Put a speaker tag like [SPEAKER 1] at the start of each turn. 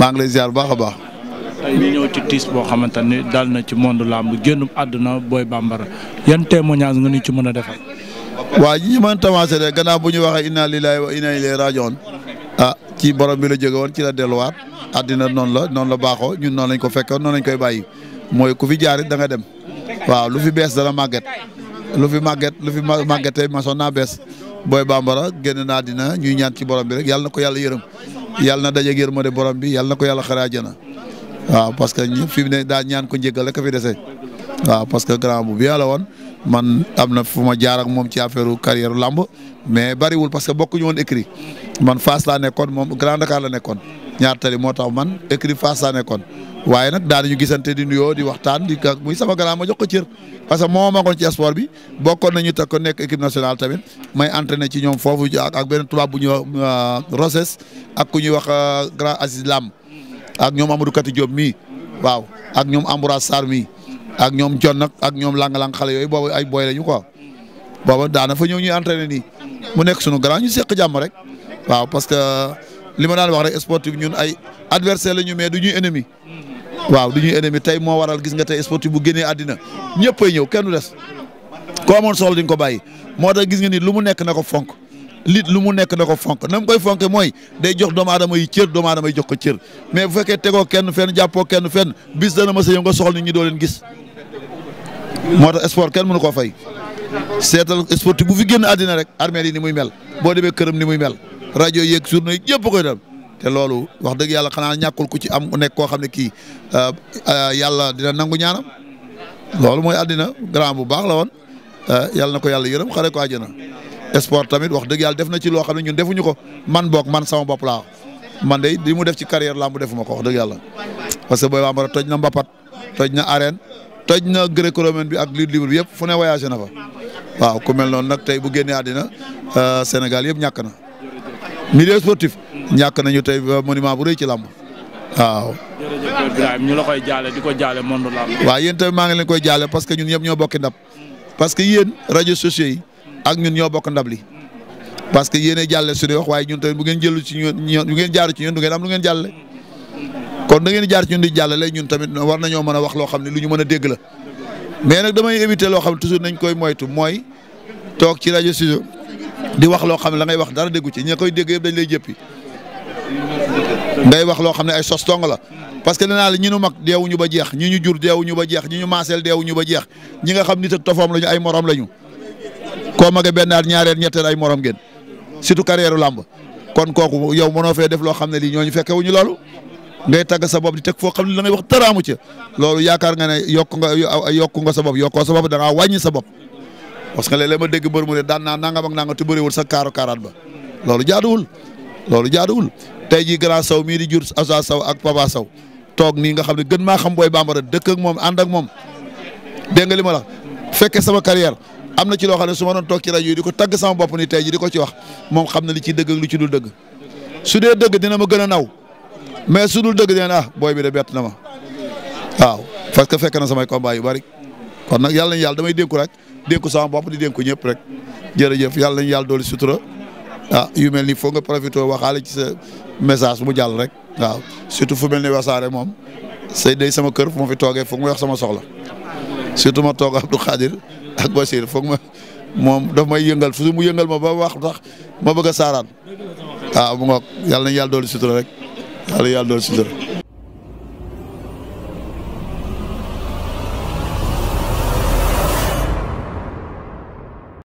[SPEAKER 1] maa ngi lay ziar bu baax a baax. ñu ñëw ci tiis boo xamante ni dal na ci monde làmb génn àdduna Boy Bambara yan témoignage nga ñu ci mën a defal. waa ñi ñu mën a commencé de gannaaw bu ñu waxee inna lillahi wa inna ah ci borom bi la jóge woon ci la delluwaat àddina noonu la noonu la baaxoo ñun noonu lañ ko fekkoon noonu lañ koy bàyyi mooy ku fi jaarit da dem waaw lu fi bees dana màgget lu fi màgget lu fi màggetee masoon naa bees booy Bambara génn na àddina ñuy ñaan ci borom bi rek yàlla na ko yàlla yërëm. yàlla na dajeeg yërmande borom bi yàlla ko yàlla xare àjjana waaw parce que fi mu ne daa ñaan ko njëggal rek a fi dese waaw parce que grand bu bi yàlla woon man am na fu ma jaar moom ci affaire carrière lamb mais bariwul parce que bokkuñu woon écrit man Fass laa nekkoon moom Grand Dakar la nekkoon ñaar tali moo tax man écrit Fass laa nekkoon. waaye nag daanañu gisante di nuyoo di waxtaan di ka muy sama grand ma jox ko cër parce que moo ma ko ci sport bi bokkoon nañu te ko nekk équipe nationale tamit may entraîné ci ñoom foofu ak benn tubaab bu ñuy wax euh, Roses ak ku ñuy wax euh, grand Aziz Lam ak ñoom Amadou Kati Diop mii waaw ak ñoom Amboura Sarr mii ak ñoom John nag ak ñoom langa lang xale yooyu boobu ay boy lañu quoi booba daana fa ñëw ñuy entraîné nii mu nekk sunu grand ñu seq jàmm rek waaw parce que li ma daan wax rek sportif ñun ay adversaire la ñu mais du ñuy ennemi. waaw du ñuy ennemi tey moo waral gis nga tey sportif bu génnee àddina ñëppay ñëw kenn du des ko amoon soxla di ko bàyyi moo tax gis nga ni lu mu nekk na ko fonk lit lu mu nekk na ko fonk na mu koy fonk mooy day jox doomu aadama yi cër doomu aadama yi jox ko cër mais bu fekkee tegoo kenn fenn jàppoo kenn fenn bis dana ma sa yow nga soxla nit ñi doo gis moo tax sport kenn mënu koo fay seetal sportif bu fi génn àddina rek armée yi ni muy mel boo demee këram ni muy mel rajo yeeg journée yëpp koy dem te loolu wax dëgg yàlla xanaa ñàkkul ku ci am nekk koo xam ne kii euh, euh, yàlla dina nangu ñaanam loolu mooy àddina grand bu baax la woon euh, yàlla na ko yàlla yërëm xare ko àjjana sport tamit wax dëgg yàlla def na ci loo xam ne ñun defuñu ko man boog man sama bopp laa man de di mu def ci la mu defuma ko wax dëgg yàlla parce que booy bambara toj na mbapat toj na arène toj na gréco-romaine bi ak lutte libre bi yëpp fu ne voyagé na fa waaw ku mel noonu nag tey bu génnee àddina Sénégal yëpp ñàkk na ñàkk nañu tey monument bu rëy ci lamb waaw. jërëjëf Ibrahima ñu la koy jaale di ko jaale monde làmb. waaw yéen tamit maa ngi leen koy jaale parce que ñun ñëpp ñoo bokki ndab parce que yéen rajo sociaux yi ak ñun ñoo bokk ndab li parce que yéen jàlle suñuy wax waaye ñun tamit bu ngeen jëlu ci ñun bu ngeen jaaru ci ñun du ngeen am lu ngeen jàlle kon da ngeen jaar ci ñun di ñun tamit war nañoo mën a wax loo xam ne lu ñu mën a dégg mais nag damay éviter loo xam ne toujours nañ koy moytu mooy toog ci rajo studio di wax loo xam ne la ngay wax dara déggu ci ña koy dégg dañ lay jëppi day wax loo xam ne ay sos dong la parce que nee naa la ñi nu mag deewuñu ba jeex ñi ñu jur deewuñu ba jeex ñi ñu maaseel deewuñu ba jeex ñi nga xam nit ak tofoom lañu ay morom lañu koo mage benn at ñaareel ñetteel ay morom ngeen surtout carrière làmb kon kooku yow mënoo fee def xam ne lii ñooñu fekke wuñu loolu ngay tagg sa bopp di teg nga ne yokk nga yokku nga sa bopp yokkoo sa bopp da ngaa wàññi sa bopp parce que léeg-léeg ma dégg mbër ne daan naa nangam ak nangam te sa kaaru kaaraat ba loolu jaaduwul loolu jaaduwul tey jii grand saw mii di jur asa saw ak papa saw toog nii nga xam ne gën maa xam booy bambara dëkk ak moom ànd moom dégg nga li ma la fekke sama carrière am na ci loo xam ne su ma doon toog ci rajo yi di ko tagg sama bopp ni tey ji di ko ci wax moom xam na li ci dëgg ak ci dul dëgg su dee dëgg dina ma gën a naw mais su dul dëgg dina ah booy bi de bet na ma waaw parce que fekk na samay combat yu bari kon nag yàlla nañu yàlla damay dénku rek dénku sama bopp di dénku ñëpp rek jërëjëf yàlla nañu yàlla dooli sutura ah yu mel ni foog nga profité waxaale ci sa message mu jàll rek waaw surtout fu mel ni wasaare moom say day sama kër fu ma fi toogee foog ma wax sama soxla surtout ma toog Abdou Khadir ak Bachir foog ma moom daf may yëngal fu mu yëngal ma ba wax tax ma bëgg a saaraan waaw ah, mu ngoog yàlla nañ yàlla doolu sutura rek yàlla yàlla doolu sutura